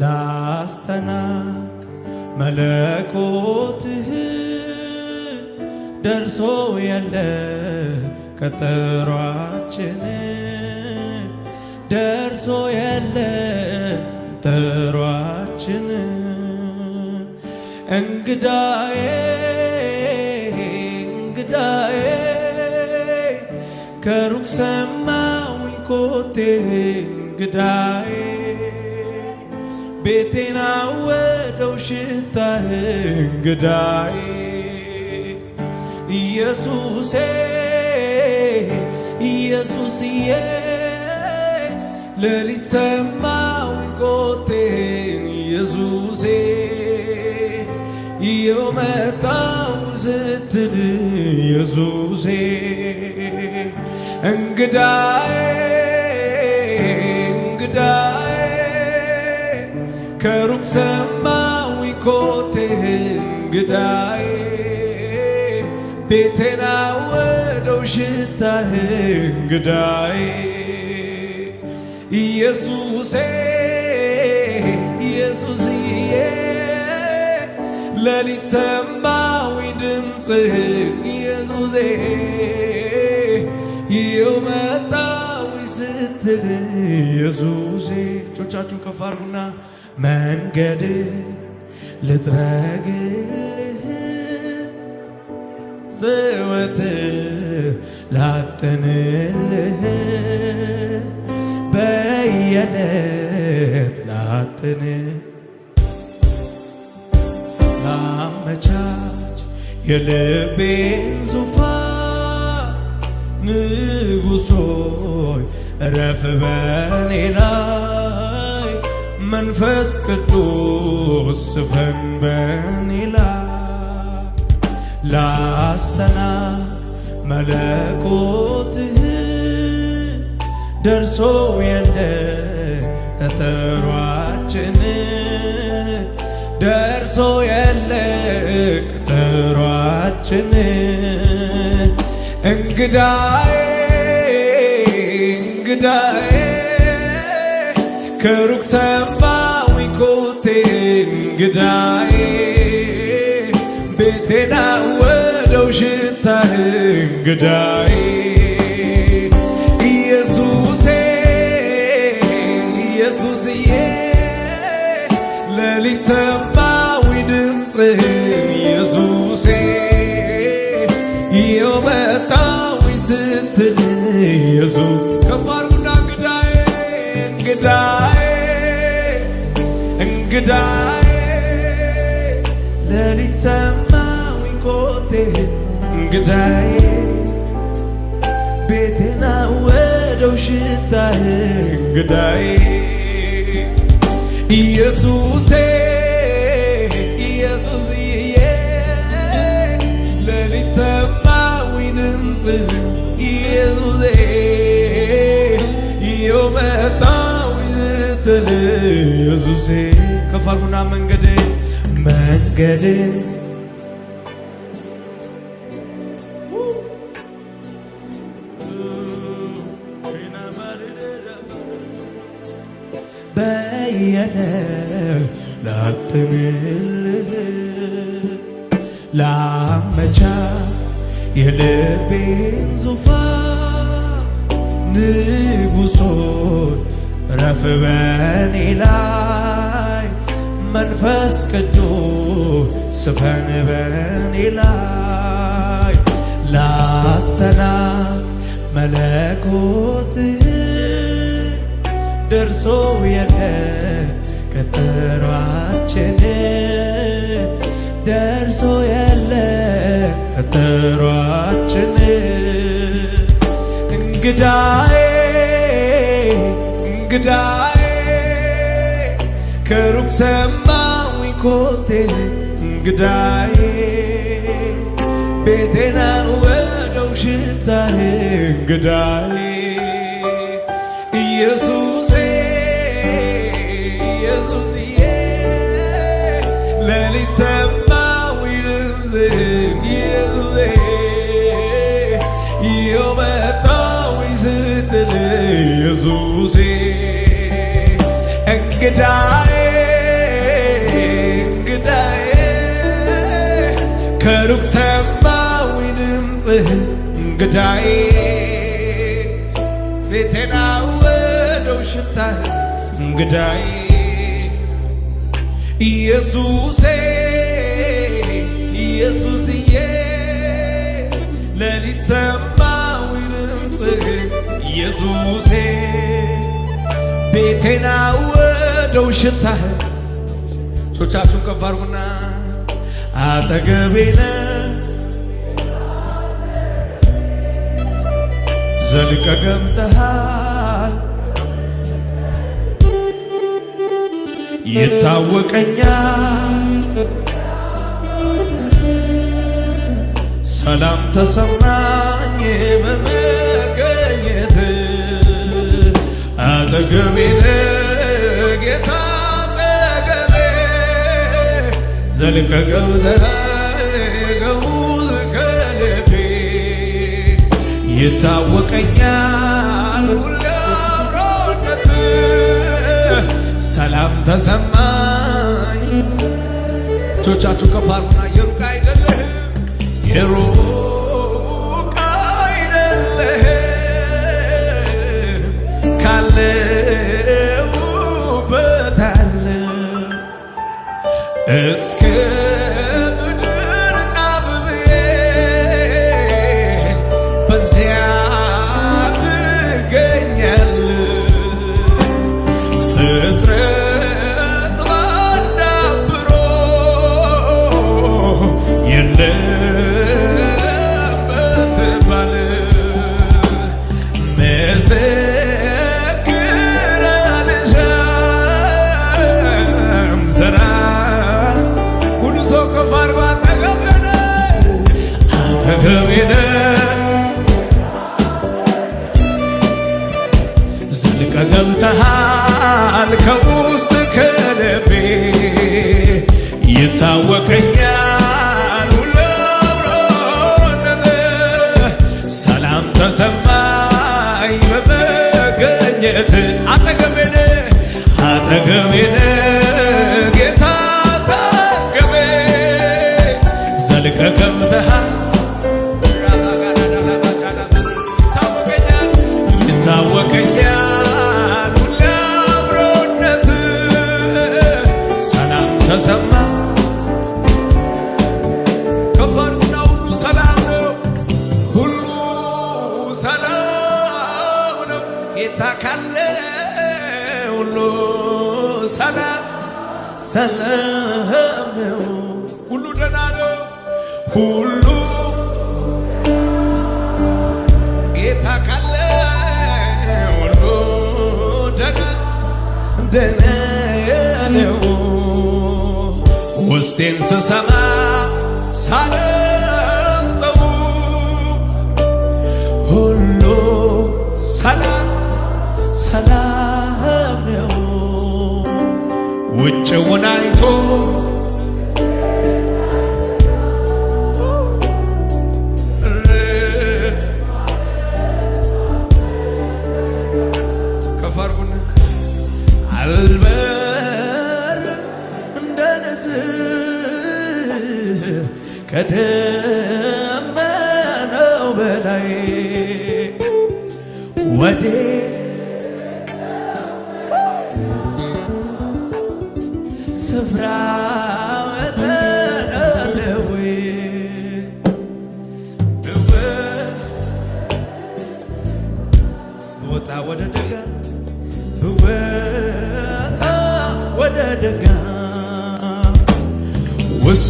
ላስተናግ መለኮትህ ደርሶ ያለ ቀጠሯችን ደርሶ ያለ ቀጠሯችን እንግዳዬ እንግዳዬ ከሩቅ ሰማውኝ ኮቴ እንግዳዬ ቤቴን አወደው ሽታህ እንግዳዬ ኢየሱሴ ኢየሱስዬ ሌሊት ሰማሁ ጩኸቴን ኢየሱሴ እየው መጣሁ ስትል ኢየሱሴ እንግዳዬ ሄድኩ ሰማዊ ኮቴህን ግዳዬ ቤቴና ወደው ሽታህን ግዳዬ ኢየሱሴ ኢየሱስዬ ሌሊት ሰማዊ ድምፅህን ኢየሱሴ ይውመ ስትል ኢየሱሴ እጆቻችሁን ከፍ አድርጉና መንገድ ልጥረግልህ ዘወትር ላጥንልህ በየዕለት ላጥን ላመቻች የልቤን ዙፋን ንጉሶይ ረፍ በኔ ላይ መንፈስ ቅዱስ ስፈን በኔ ላይ ላስተና መለኮትህ ደርሶ የለ ቀጠሯችን ደርሶ የለ ቀጠሯችን እንግዳዬ ሜዳዬ ከሩቅ ሰማሁኝ ኮቴ እንግዳዬ ቤቴና ወደው ሽታህ እንግዳዬ ኢየሱሴ ኢየሱስዬ ሌሊት ሰማሁኝ ድምፅህን ኢየሱሴ ይኸው መጣሁኝ ስትል ኢየሱስ ከፋር እንግዳዬ እንግዳዬ ሌሊት ሰማሁኝ ኮቴህን እንግዳዬ ቤቴን አወደው ሽታህን እንግዳዬ ኢየሱሴ ኢየሱስዬ ሌሊት ሰማሁኝ ድምፅህን ኢየሱሴ እየው መጣ መስቀል ኢየሱሴ ከፈርጉና መንገዴ መንገዴ በየነ ላትምልህ ላመቻ የልቤን ዙፋን ንጉሶን ረፍ በኔ ላይ መንፈስ ቅዱስ ስፈን በኔ ላይ ላስተናግ መለኮት ደርሶ የለ ቀጠሯችን ደርሶ የለ ቀጠሯችን እንግዳይ እንግዳዬ ከሩቅ ሰማዊ ኮቴ እንግዳዬ ቤቴና ወደው ሽታዬ እንግዳዬ ኢየሱሴ ኢየሱስዬ ሌሊት ሰማዊ ድምፅህን ኢየሱሴ ይኸው ስትል ኢየሱሴ እንግዳዬ እንግዳዬ ከሩቅ ሰማዊ ድምፅህ እንግዳዬ ቤቴና ወደው ሽታህ እንግዳዬ ኢየሱሴ ኢየሱስዬ ሌሊት ሰማዊ ድምፅህ ኢየሱሴ ቤቴና ወደው ሽታህ ቾቻችሁን ከፍ አድርጉና አጠገቤነ ዘልቀ ይታወቀኛል ሰላም ተሰማኝ አጠገቤ ጌታ አጠገቤ ዘልቀ ከልቤ ይታወቀኛል ሁሌ አብሮነት ሰላም ተሰማኝ እጆቻችሁ ከፋሩና የሩቅ አይደለህም የሩቅ አለ ውበት አጠገቤ ዘልቀ ገብተሃል ከውስጥ ከልቤ ይታወቀኛል ሁለብሮን ሰላም ተሰማኝ በመገኘት አጠገቤ አጠገቤ ጌታ አጠገቤ ዘልቀ ሰላም ነው ጌታ ካለ ሁሉ ሰላም ሰላም ነው ሁሉ ደህና ነው ሁሉ ጌታ ካለ ሁሉ ደህና ደህና ነው ውስጤን ስሰማ ሳለ 生我奈何？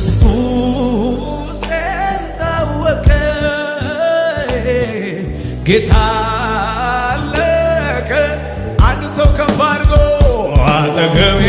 ውስጡ ታወቀ ጌታ አለቀ። አንድ ሰው ከፍ አድርጎ አጠገቤ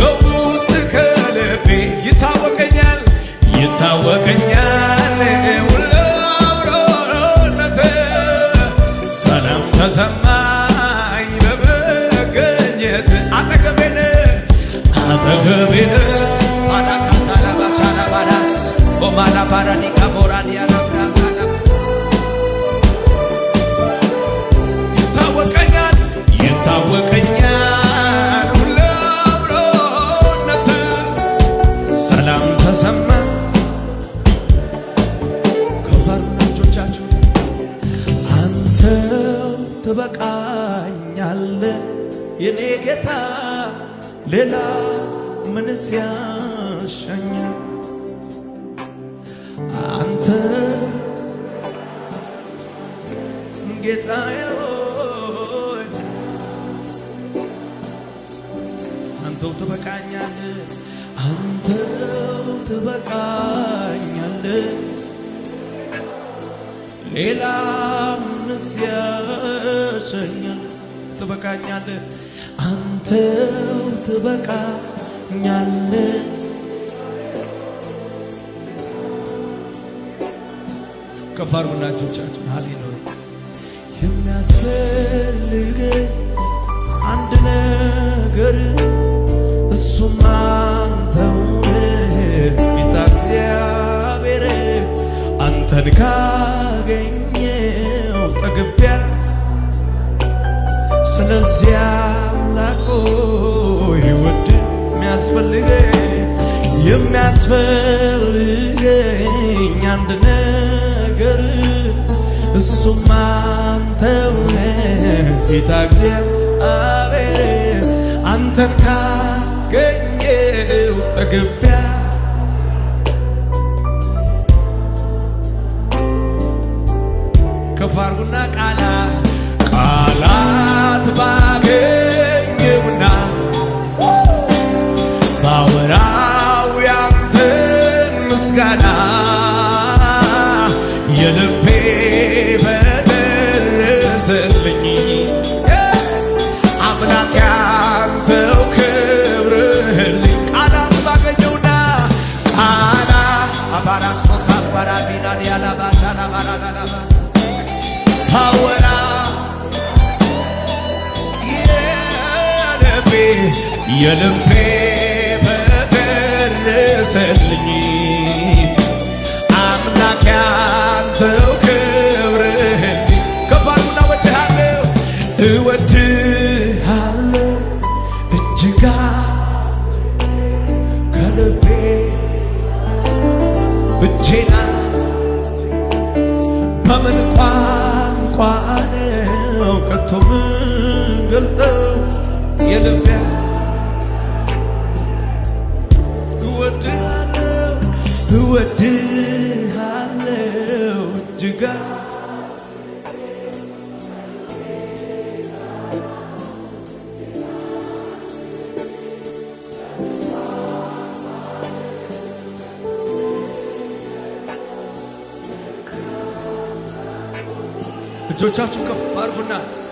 ከውስጥ ከልቤ ይታወቀኛል ይታወቀኛል አጠገቤ አላካታላባቻላባላስ ኦማላባራኒካቦራኒያ ሌላም ያሸኛል። አንተው ትበቃኛለህ። ከፋር ሁላችሁቻችን አንድ ነገር እሱም አንተው ጌታ እግዚአብሔር አንተን ካገኝ መግቢያ ስለዚያ አምላኮ ይወድ የሚያስፈልገኝ የሚያስፈልገኝ አንድ ነገር እሱም አንተውነ ጌታ እግዚአብሔር አንተን ካገኘው ጠግብ ከፍ አርጉና ቃላ ቃላት ባገኘውና ባወራው ያንተን ምስጋና የልቤ በደረሰልኝ አምላክ ያንተው ክብርህልኝ ቃላት ባገኘውና ቃላ አባራሶታ አባራ ቢናን ያላባቻና ባራዳላባስ power now. የልቤ የልቤ በደረሰልኝ አምላክ Eu te acho que eu farbo nada.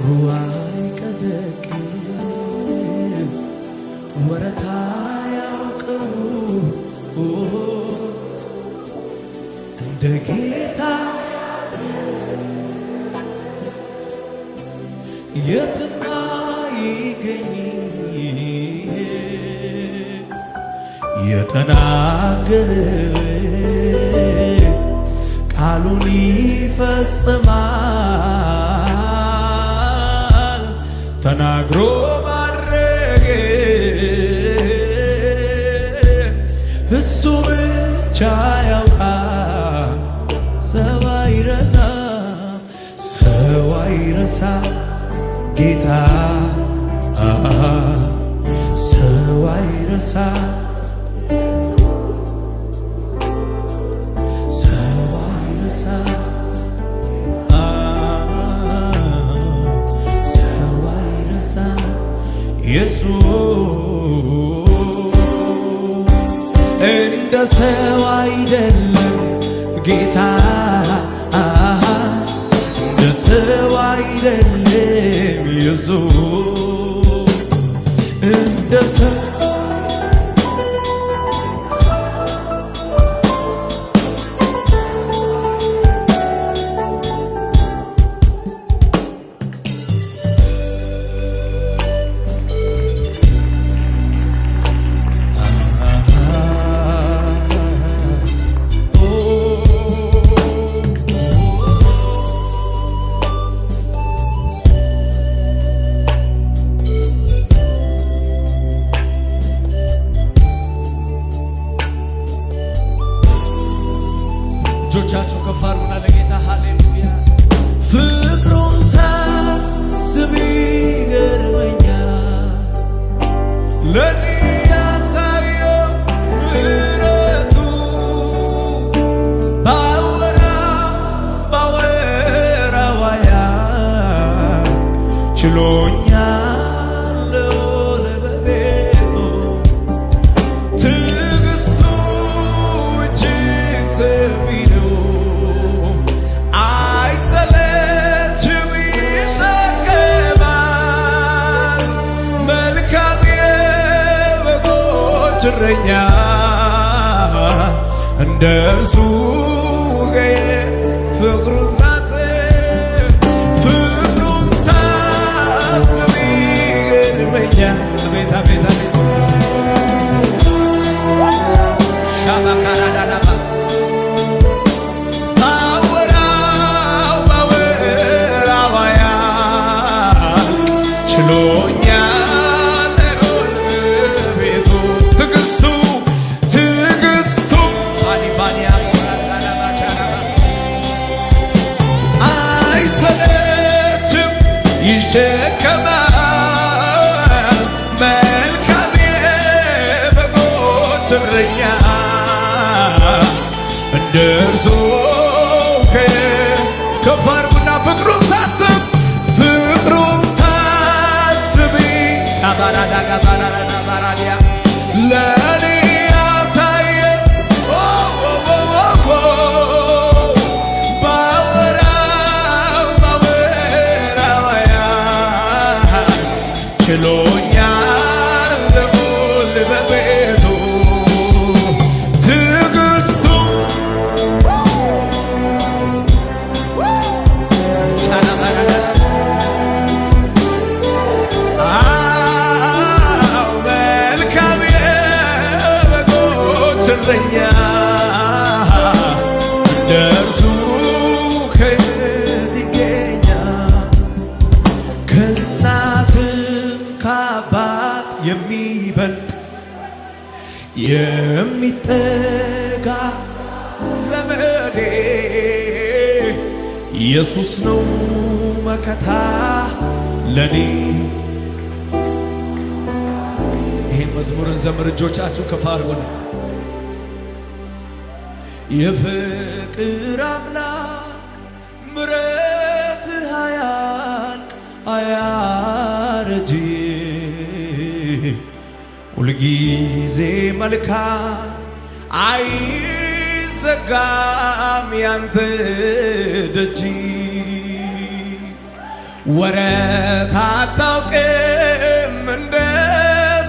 ፍቅሩ አይቀዘቅዝ ወረታ ያውቅው እንደ ጌታ የትም ቃሉን ይፈጽማል ተናግሮ ማድረግ እሱ ብቻ ያውቃል። ሰው አይረሳ፣ ሰው አይረሳ ጌታ ሰው አይረሳ ኢየሱስ እንደ ሰው አይደለም ጌታ እንደ ሰው አይደለም ኢየሱስ እንደ ሰው እረኛ እንደ እርሱ ፍቅሩን ሳስብ ፍቅሩን ይገርመኛል። አቤት አቤት አቤት ሻባካራዳላባስ ባወራው ባወራው ያል ችሎ da da da da በረከታ ለኔ ይህን መዝሙርን ዘምር እጆቻችሁ ከፍ አድርጉን። የፍቅር አምላክ ምረት አያልቅ አያረጅ ሁልጊዜ መልካ አይዘጋም ያንተ ደጅ ወረት አታውቅም እንደ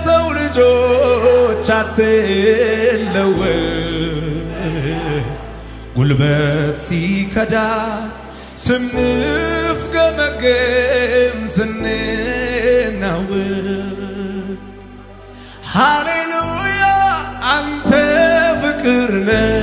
ሰው ልጆች አትለው ጉልበት ሲከዳ ስንፍ ገመገም ዝንናው ሃሌሉያ አንተ ፍቅር ነህ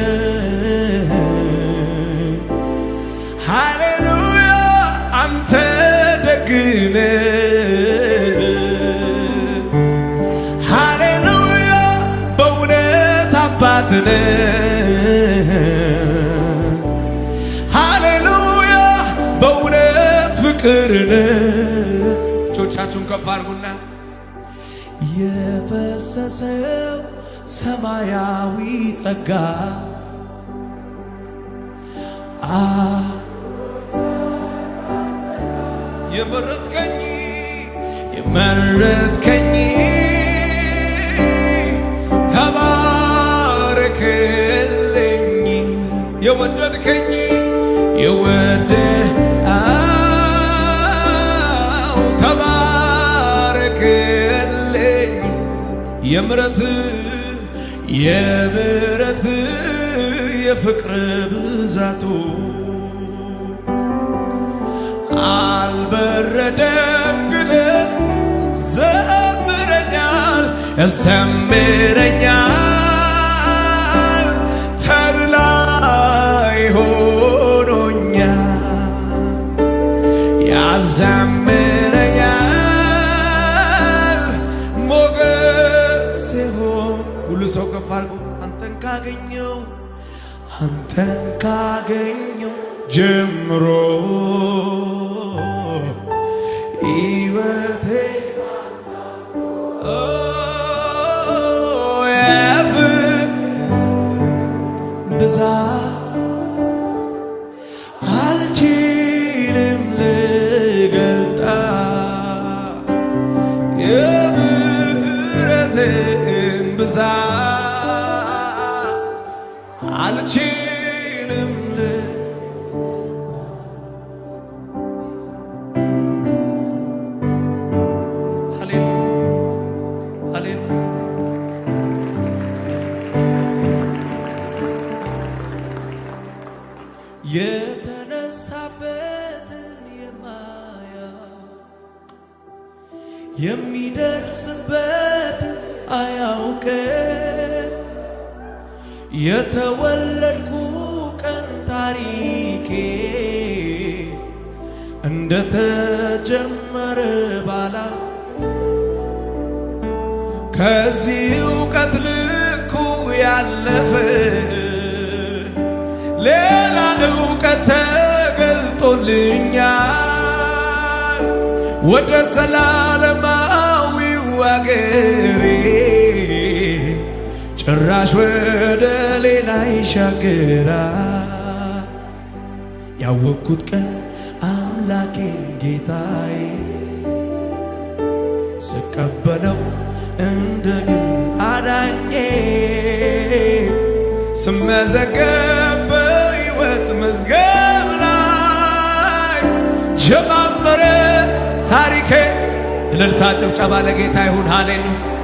ሐዘን ሃሌሉያ በእውነት ፍቅርን እጆቻችሁን ከፍ አድርጉና የፈሰሰው ሰማያዊ ጸጋ የመረጥከኝ የመረጥከኝ የምረት የምረት የፍቅር ብዛቱ አልበረደም ግን ዘምረኛል ዘምረኛል ተድላ ሆኖኛል ያዘም ሰው ከፍ አድርጎ አንተን ካገኘው አንተን ካገኘው ጀምሮ ቃል እውቀት ተገልጦልኛል ወደ ዘላለማዊው አገሬ ጭራሽ ወደ ሌላ ይሻገራ ያወቅኩት ቀን አምላኬን ጌታዬ ስቀበለው እንደግን አዳኜ ስመዘገብ መዝገብ ላይ ጀማመረ ታሪኬ። እልልታ ጭብጨባ ለጌታ ይሁን። ሃሌሉያ